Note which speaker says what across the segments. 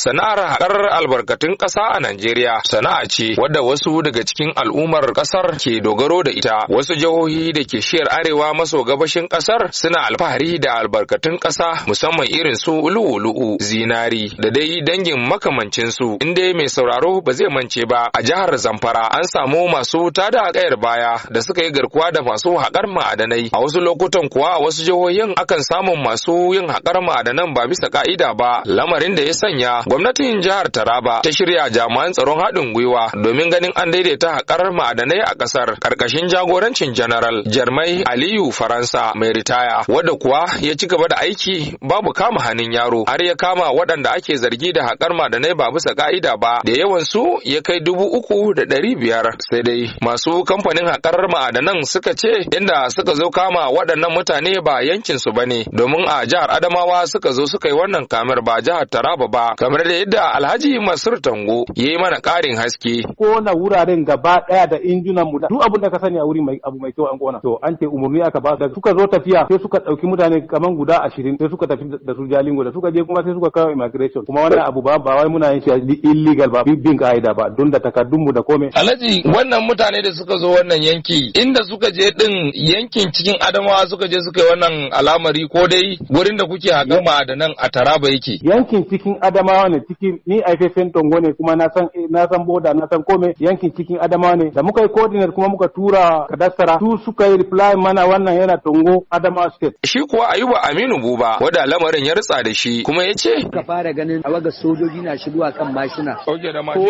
Speaker 1: Sana'ar haƙar albarkatun ƙasa a Najeriya sana'a ce wadda wasu daga cikin al'ummar ƙasar ke dogaro da ita. Wasu jihohi da ke shiyar arewa maso gabashin ƙasar suna alfahari da albarkatun ƙasa musamman irin su lu'u-lu'u, zinari da dai dangin makamancin su. Inda mai sauraro ba zai mance ba a jihar Zamfara an samu masu tada ƙayar baya da suka yi garkuwa da masu haƙar ma'adanai. A wasu lokutan kuwa a wasu jihohin akan samun masu yin haƙar ma'adanan ba bisa ƙa'ida ba lamarin da ya sanya Gwamnatin jihar Taraba ta shirya jami'an tsaron haɗin gwiwa domin ganin an daidaita haƙar ma'adanai a ƙasar ƙarƙashin jagorancin General Jarmai Aliyu Faransa mai ritaya wadda kuwa ya ci gaba da aiki babu kama hannun yaro har ya kama waɗanda ake zargi da haƙar ma'adanai ba bisa ƙa'ida ba da yawan su ya kai dubu uku da ɗari biyar sai dai masu kamfanin haƙar ma'adanan suka ce inda suka zo kama waɗannan mutane ba yankinsu ba ne, domin a jihar Adamawa suka zo suka yi wannan kamar ba jihar Taraba ba kamar kamar da yadda Alhaji Masur Tango ya yi mana ƙarin haske. Kona wuraren gaba ɗaya da injunan mu duk abin da ka sani a wuri mai abu mai kyau an kona. To an ce umarni aka ba da suka zo tafiya sai suka ɗauki mutane kaman guda ashirin sai suka tafi da su jalingo da suka je kuma sai suka kawo immigration kuma wannan abu ba ba wai muna yin shi illegal ba bin ka'ida ba don da takardun mu da komai. Alhaji wannan mutane da suka zo wannan yanki inda suka je din yankin cikin Adamawa suka je suka yi wannan alamari ko dai wurin da kuke da nan a Taraba yake. Yankin cikin Adamawa ne cikin ni aifafen tongo ne kuma na san na san boda na san kome yankin cikin adama ne da muka yi coordinate kuma muka tura kadastara su suka yi reply mana wannan yana tongo Adama state shi kuwa ayuba aminu buba wanda lamarin ya rutsa da shi kuma ya ce ka fara ganin awaga sojoji
Speaker 2: na shigowa kan mashina
Speaker 1: ko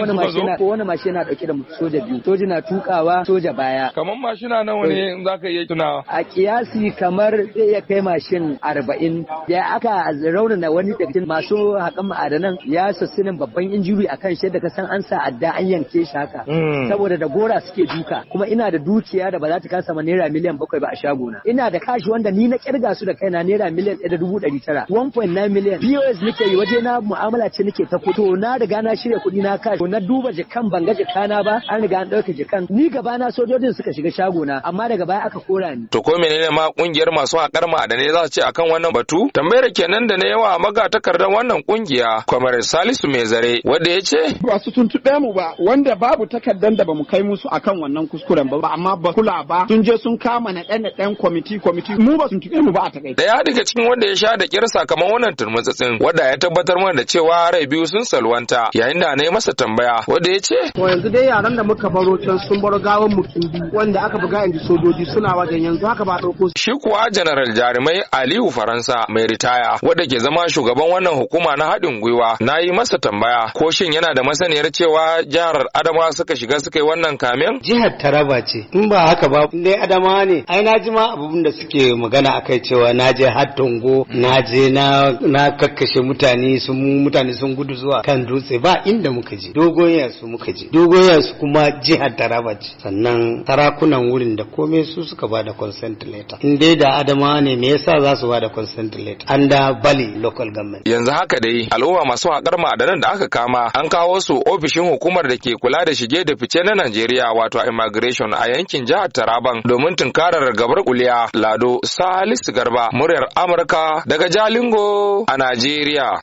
Speaker 1: wani mashina ko
Speaker 2: wani mashina dauke da soja biyu soja na tukawa soja baya
Speaker 1: kamar mashina nawa ne in zaka iya tuna
Speaker 2: a kiyasi kamar zai ya kai mashin arba'in ya aka raunana wani daga masu hakan ma'adanan ya sassinin babban injiri a kan shi da san an sa adda an yanke shi haka hmm. saboda da gora suke duka kuma ina da dukiya da ba za ta kasa ma naira miliyan bakwai ba a shagona ina da kashi wanda ni na kirga su da kai na naira miliyan ɗaya da dubu ɗari tara 1.9 miliyan POS nake yi waje na mu'amala ce nake ta kuto na riga na shirya kuɗi na kashi na duba jikan ban ga jikana ba an riga an ɗauka jikan ni gaba na sojojin suka shiga shagona amma daga baya aka kora ni.
Speaker 1: To ko menene ma kungiyar masu haƙar ma'adanai za su ce akan wannan batu? Tambayar kenan da na yawa maga takardar wannan kungiya Kamar Salisu mai zare wanda ya ce ba su tuntube mu ba wanda babu takardan da bamu kai musu akan wannan kuskuren ba amma ba kula ba sun je sun kama na ɗan ɗan kwamiti kwamiti mu ba sun mu ba a Da ya daga cikin wanda ya sha da kyar sakamakon wannan turmutsatsin wanda ya tabbatar mana da cewa rai biyu sun salwanta yayin da na yi masa tambaya wanda ya ce.
Speaker 2: To yanzu dai yaran da muka baro can sun baro gawan mutum biyu wanda aka buga yanzu sojoji suna wajen yanzu haka ba ɗauko su. Shi
Speaker 1: kuwa Janaral Jarumai Aliyu Faransa mai ritaya wanda ke zama shugaban wannan hukuma na haɗin gwiwa na yi masa tambaya ko shin yana da masaniyar cewa jihar Adamawa suka shiga suka yi wannan kamen? Jihar
Speaker 2: Taraba ce. In ba haka ba dai Adamawa ne. Ai na ji ma abin da suke magana akai cewa na je har Tongo, na je na na kakkashe mutane sun mutane sun gudu zuwa kan dutse ba inda muka je. Dogon su muka je. Dogon su kuma jihar Taraba ce. Sannan sarakunan wurin da komai su suka ba da consent letter. In dai da Adamawa ne me yasa za su ba da consent letter? An da Bali local government.
Speaker 1: Yanzu haka dai al'umma masu masu haƙar ma'adanan da aka kama an kawo su ofishin hukumar da ke kula da shige da fice na Najeriya wato immigration a yankin jihar Taraban domin tunkarar gabar kuliya Lado Salisu Garba muryar Amurka daga Jalingo a Najeriya.